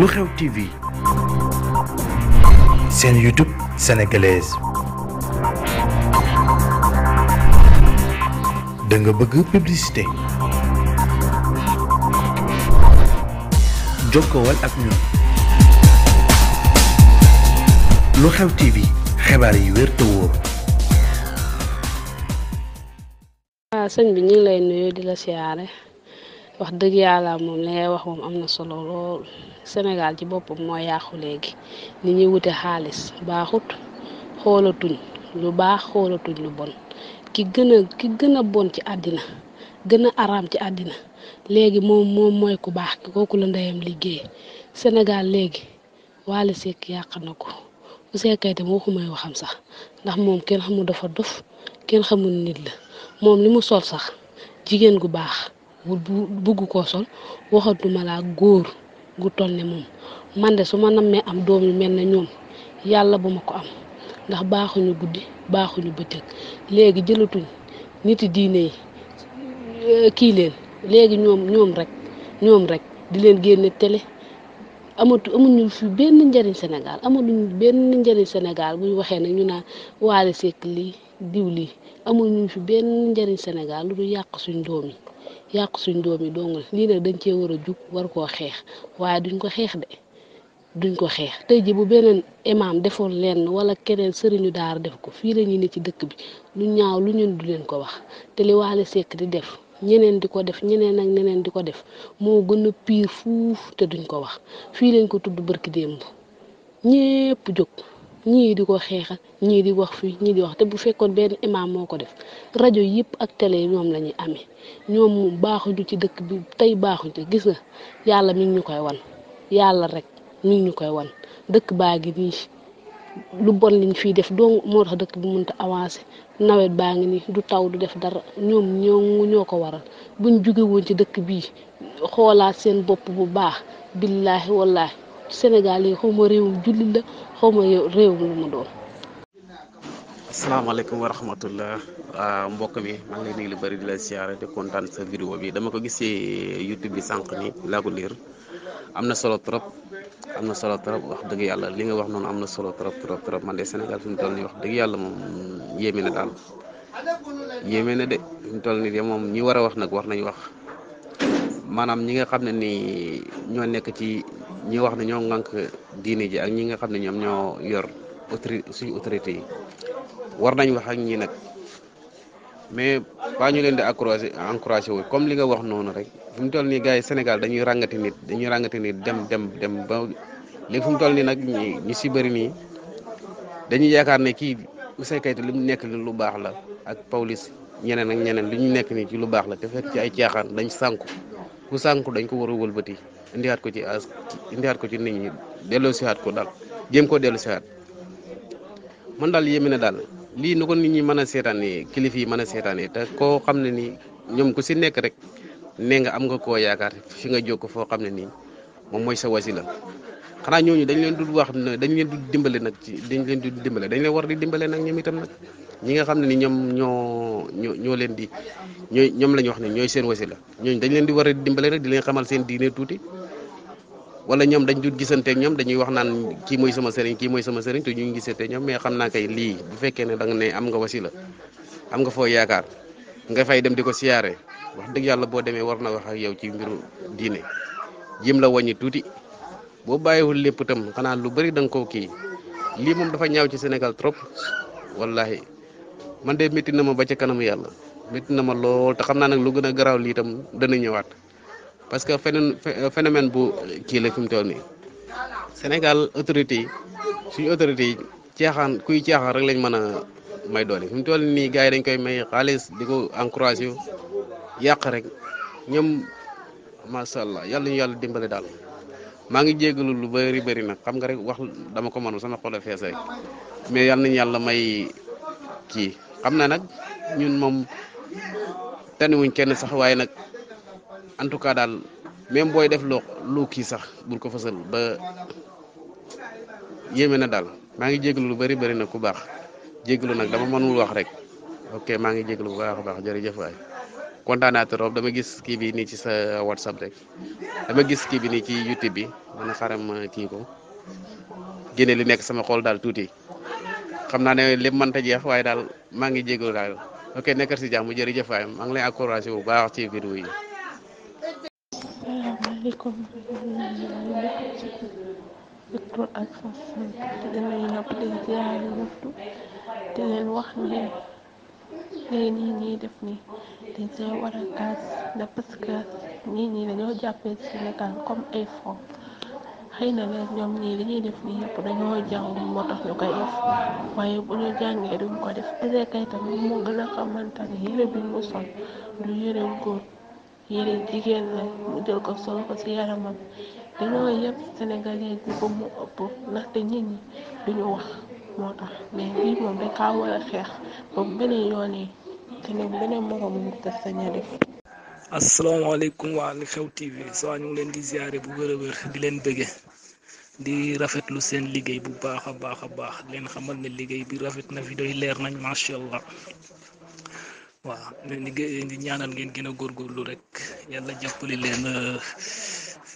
lu xew TV seen YouTube sénégalaise da bëgg publicité jokkowal ak ñun lu xew TV xibaar yi wér wóor. waaw ah, sëñ bi ñu lay nuyu la siyaare. wax dëgg yàlla moom li ngay wax moom am na solo lool Sénégal ci boppam moo yàqu léegi ni ñuy wute xaalis baaxut xoolatuñ lu baax xoolatuñ lu bon ki gën a ki a bon ci àddina gën a araam ci àddina léegi moom moom mooy ku baax ki kooku la ndeyam liggéey Sénégal léegi waale Seck yàq na ko Ouzin Keita moo xumay waxam sax ndax moom kenn xamul dafa dof kenn xamul nit la moom li mu sol sax jigéen gu baax wul bugg koo sol waxatuma laa góor gu toll ne moom man de su ma nammee am doom yu mel ne ñoom yàlla bu ma ko am ndax baaxuñu guddi baaxuñu bëccëg léegi jëlatuñ niti diine yi euh, kii leen léegi ñoom ñoom rek ñoom rek di leen génne télé amatu amuñu fi benn njëriñ Sénégal amatuñu benn njëriñ Sénégal buy waxee ne ñu naan waale sekk lii diw lii amuñu fi benn njëriñ Sénégal lu du yàq suñ doom yi. yàq suñ doom yi dong la lii nag dañ cee war a jug war koo xeex waaye duñ ko xeex de duñ ko xeex tey ji bu beneen imaam defoon lenn wala keneen sëriñu daar def ko fii la ñu ne ci dëkk bi lu ñaaw lu ñun du leen ko wax te li Wally Seck di def ñeneen di ko def ñeneen ak ñeneen di ko def moo gën a piir fuuf te duñ ko wax fii lañ ko tudd barki démb ñépp jóg ñii di ko xeexal ñii di wax fii ñii di wax te bu fekkoon benn imam moo ko def rajo yëpp ak tele ñoom la ñuy amee ñoom moom baaxuñu ci dëkk bi tey baaxuñu ci gis nga yàlla mi ngi ñu koy wan yàlla rek mi ngi ñu koy wan dëkk baa ngi lu bon liñ fii def dong moo dëkk bi mënta avancé nawet baa ngi nii du taw du def dara ñoom ñoo ko waral buñ jóge ci dëkk bii xoolaat seen bopp bu baax billaahi wallaahi Sénégal yi xaw ma réewum jullit la xaw ma réewum lu mu doon. asalaamaaleykum wa rahmatullah ah, mbokk mi maa ngi lay nuyu lu bari di la siyaare te kontaan sa vidéo bi dama ko gis ci YouTube bi sànq ni laa ko liir am na solo trop am na solo trop wax dëgg yàlla li nga wax noonu am na solo trop trop trop man de Sénégal fi mu toll nii wax dëgg yàlla moom yéeme na daal yéeme na de fi mu toll nii moom ñi war a wax nag wax nañu wax maanaam ñi nga xam ne nii ñoo nekk ci ñi wax ne ñoo ŋànk diine ji ak ñi nga xam ne ñoom ñoo yor autorité suñu autorité yi war nañ wax ak ñi nag mais ba ñu leen di encouragé encouragé wu comme li nga wax noonu rek fu mu toll nii gars yi Sénégal dañuy ràngati nit dañuy ràngati nit dem dem dem ba léegi fu mu toll nii nag ñi ñu si bëri nii dañuy yaakaar ne kii Ouzin Keita li mu nekk ni lu baax la ak Pawlish ñeneen ak ñeneen li ñu nekk nii ci lu baax la te fekk ci ay caaxaan dañ sànku ku sànku dañ ko war a indiwaat ko ci as indiwaat ko ci nit ñi delloo siwaat ko daal jéem koo dellu siwaat man daal yéeme na daal lii nu ko nit ñi mën a seetaanee kilifa yi mën a seetaanee te koo xam ne nii ñoom ku si nekk rek nee nga am nga koo yaakaar fi nga jóg foo xam ne nii moom mooy sa wasila xanaa ñooñu dañ leen du wax ne dañ leen du dimbale nag ci dañ leen du dimbale dañ leen war di dimbale nag ñoom itam ñi nga xam ne ñoom ñoo ñoo ñoo leen di ñooy ñoom la ñu wax ne ñooy seen wasila ñooñu dañ leen di war a dimbale rek di leen xamal seen diine tuuti wala ñoom dañ dul gisanteeg ñoom dañuy wax naan kii mooy sama sëriñ kii mooy sama sëriñ te ñu ngi gisante ñoom mais xam naa kay lii bu fekkee ne danga nga ne am nga wasila am nga foo yaakaar nga fay dem di ko siyaare wax dëgg yàlla boo demee war na wax a yow ci mbiru diine jim la wàññi tuuti boo bàyyiwul lépp itam xanaa lu bëri da koo kii lii moom dafa ñaaw ci Sénégal trop wallahi man de métti na ma ba ca kanamu yàlla métti na ma lool te xam naa nag lu gën a garaaw lii itam dana ñëwaat. parce que phénomène euh, phénomène bu kii la fi mu toll Sénégal autorité yi suñu autorité yi ceexaan kuy ceexaan rek lañ mën a may doole fi mu toll nii gars yi dañ koy may xaalis di ko encouragé yàq rek ñoom macha allah yàlla ñu yàlla dimbale daal maa ngi jégalu lu bëri bëri nag xam nga rek wax dama ko mënul sama xol a rek mais yàlla nañ yàlla may kii xam na nag ñun moom taniwuñ kenn sax waaye nag. en tout cas daal même booy def loo lu kii sax bul ko fësal ba yéeme na daal maa ngi jéglu lu bari bari na ku baax jéglu nag dama mënul wax rek ok maa ngi jéglu bu baax a baax jërëjëf waay dama gis kii bi nii ci sa whatsapp rek dama gis kii bi nii ci youtube bi man a xaram euh, kii ko génne li nekk sama xool daal tuuti xam naa ne lépp mënta jeex waaye daal maa ngi jéglu daal ok nekk si mu jërëjëf waay maa ngi lay encouragé bu baax ci vidéo yi asalaamaaleykum ak tur ak sant ci te leen wax ne lii nii def nii dañ see war a kaas da parce que ñii ñii dañoo jàppee Sénégal comme ay fo xëy na leen ñoom ñii li ñuy def nii yëpp dañoo jàng moo tax ñu koy def waaye bu ñu jàngee duñ ko def te kay tamit mu gën a xamante ne bi mu sol du yére góor yére jigéen la mu jël ko sol ko ci yaramam dañoo yépp sénégalais yi ko mu ëpp ndaxte nit ñi duñu wax moo tax mais bii moom dakaa war a xeex boobu beneen yoon yi te ne beneen moroom mu te saña def asalaamaaleykum waa li xew tv soo ñu leen di ziare bu wër a wër di leen bëgge di rafetlu seen liggéey bu baax a baax a baax leen xamal ne liggéey bi rafet na fi doy leer nañ macha allah waaw leen ñaanal ngeen gën a góorgóorlu rek yàlla jàppale leen euh,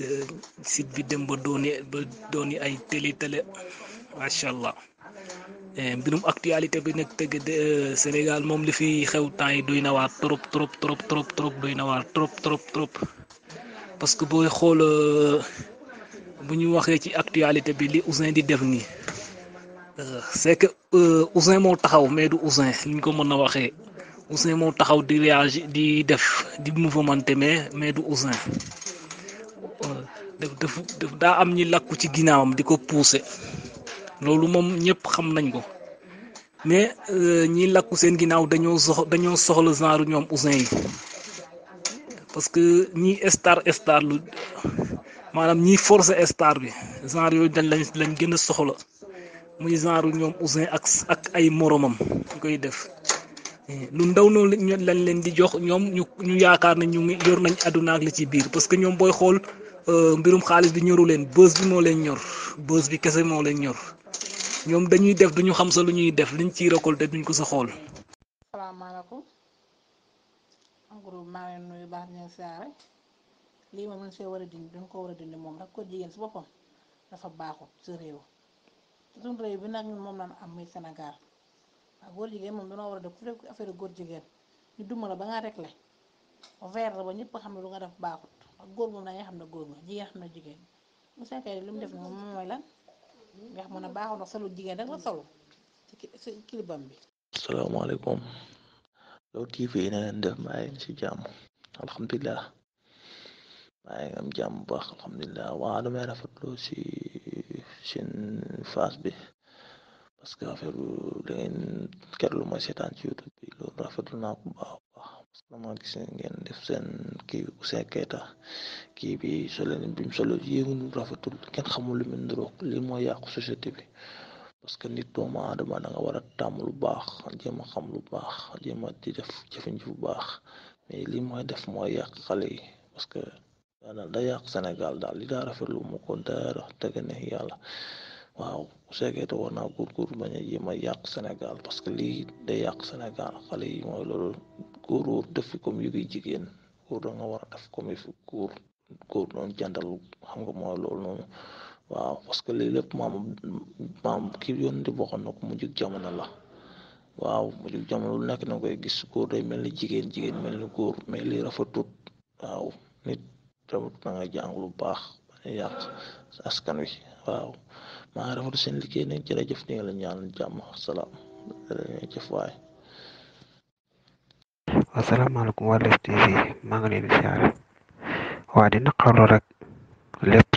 euh, site bi dem ba dooni ba dooni ay télé télé macha allah eh, mbirum actualité bi nag tëgg euh, Sénégal moom li fi xew temps yi duy na waar trop trop trop trop trop duy trop trop trop parce que booy xool bu ñu waxee ci actualité bi li Ousin di def nii c'est que Ousin moo taxaw mais du Ousin ñu ko mën a waxee. Ouzin moo taxaw di réagi di def di mouvementé mais mais du Ouzin def def daa am ñi làkku ci ginnaawam di ko pousser loolu moom ñëpp xam nañ ko mais euh, ñi làkku seen ginnaaw dañoo sox dañoo soxla genre ñoom Ouzin yi parce que ñi star star lu maanaam ñi forcé star bi genre yooyu dañ lañ lañ gën a soxla muy genre ñoom Ouzin ak ak ay moromam ñu koy def. lu ndaw noonu lañ leen di jox ñoom ñu yaakaar ne ñu ngi yor nañ àdduna ak li ci biir parce que ñoom booy xool euh, mbirum xaalis bi ñoru leen bës bi moo leen ñor bës bi kese moo leen ñor ñoom dañuy def duñu xam sa lu ñuy def liñ ciy récolté duñ ko sa xool. asalaamaaleykum en groupe maa leen nuyu lii moom lañ see war a duñ ko war a dindi moom rek ko jigéen si boppam dafa baaxut si réew suñu réew bi nag ñun moom lañ am muy Sénégal. góor jigéen moom danoo war a def ku def affaire góor jigéen ñu duma la ba nga rek le verre ba ñëpp xam ne lu nga def baaxut ak góor moom xam ne góor nga jigéen xam ne jigéen def moom mooy lan nga xam ne baaxul ndax solu jigéen rek la solu ci kilibam bi asalaamaaleykum Leewtoo TV na leen def maa ngi ci jàmm am bu baax alhamdulilah waa lu may rafetlu si seen phase bi parce que affaire da ngeen lu ma seetaan ci YouTube bi loolu rafetlu naa ko baax baax parce que dama gis ngeen def seen kii Ouzin Keita kii bi solo leen bi mu solo yéegunu rafetul kenn xamul lu mu niroog li moo yàqu société bi parce que nit doomu aadama da nga war a tàmm lu baax jéem a xam lu baax jéem a di def jëfin bu baax mais li mooy def mooy yàq xale yi parce que daanaka da yàq Sénégal daal li daa rafetlu mu ko dara tege ne yàlla. waaw bu seggee te war naa góorgóorlu bañ a jéem a yàq Sénégal parce que lii day yàq Sénégal xale yi mooy loolu góor wóor def fi comme jigéen góor da nga war a def comme yëfi góor góor jàndal xam nga mooy loolu noonu parce que lii lépp maam maam yoon di bokkoon na ko mu jug jamono la waaw mu jug jamono lu nekk na koy gis góor day mel ni jigéen jigéen mel ni góor mais lii rafetut waaw nit tamit na nga jàng lu baax bañ a yàq askan wi waaw maa ngi rafetlu seen liggéey nag jërëjëf ñu ngi la ñaanal jàmm salaam jërëjëf waay. asalaamaaleykum waa Leuz TV maa ngi leen di siyaare waa di naqarlu rek lépp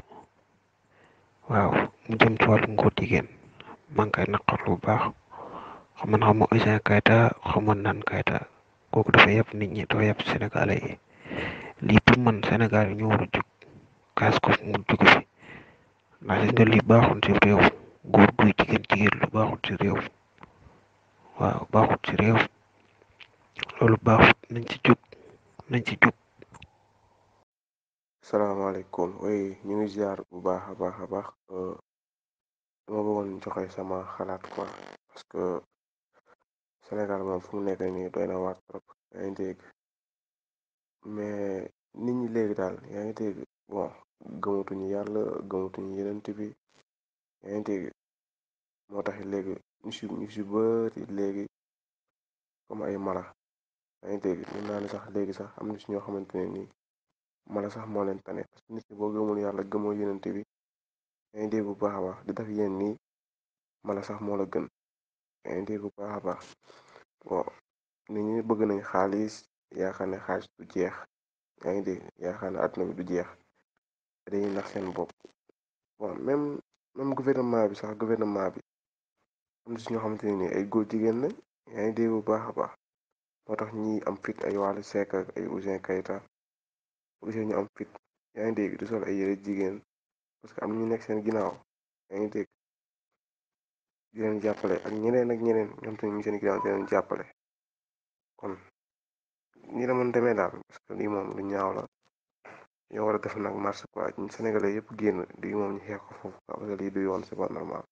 waaw mu jëm ci wàllum góor jigéen maa ngi koy baax man xam ma Ouzin Keita xamoon naan Keita kooku dafa yëpp nit ñi dafa yëpp Sénégalais yi lii pour man Sénégal yi ñoo war a jug kaas ko mu maanaam li baaxul ci réew góor guy jigéen jigéen lu baaxul ci réew waaw baaxul ci réew loolu baaxut nañ ci jóg nañ ci jóg. salaamaaleykum ooy ñu ngi ziar bu baax a baax a baax euh, dama bëggoon joxe sama xalaat quoi parce que Sénégal moom fu mu nekk nii doy na waar trop yaa ngi dégg mais nit ñi léegi daal yaa ngi dégg bon gëmatuñu yàlla gëmatuñu yenent bi yenent bi moo tax léegi ñu si ñu si bëri léegi comme ay mala yaa ngi dégg ñu naa ne sax léegi sax am nu si ñoo xamante ne nii mala sax moo leen tane parce que nit ki boo gëmul yàlla gëmoo yenent bi yaa bu baax a baax di def yéen nii mala sax moola gën yaa ngi dégg bu baax a baax bon nit ñi bëgg nañ xaalis yaakaar ne xaalis du jeex yaa ngi dégg yaakaar ne àdduna bi du jeex dañuy nax seen bopp waaw même même gouvernement bi sax gouvernement bi am si ñoo xamante ne nii ay góor jigéen lañ yaa ngi dégg bu baax a baax moo tax ñi am fit ay Wally Seck ak ay Ouzin Keita aussi ñu am fit yaa ngi dégg di sol ay yëre jigéen parce que am na ñu nekk seen ginnaaw yaa ngi dégg di leen jàppale ak ñeneen ak ñeneen ñoom te ñu seen ginnaaw di jàppale kon nii la mën demee daal parce que lii moom lu ñaaw la. ñoo war a def nag marche quoi ñun sénégalais yëpp génn di moom ñu xeex ko foofu quoi parce que lii yoon c'est pas normal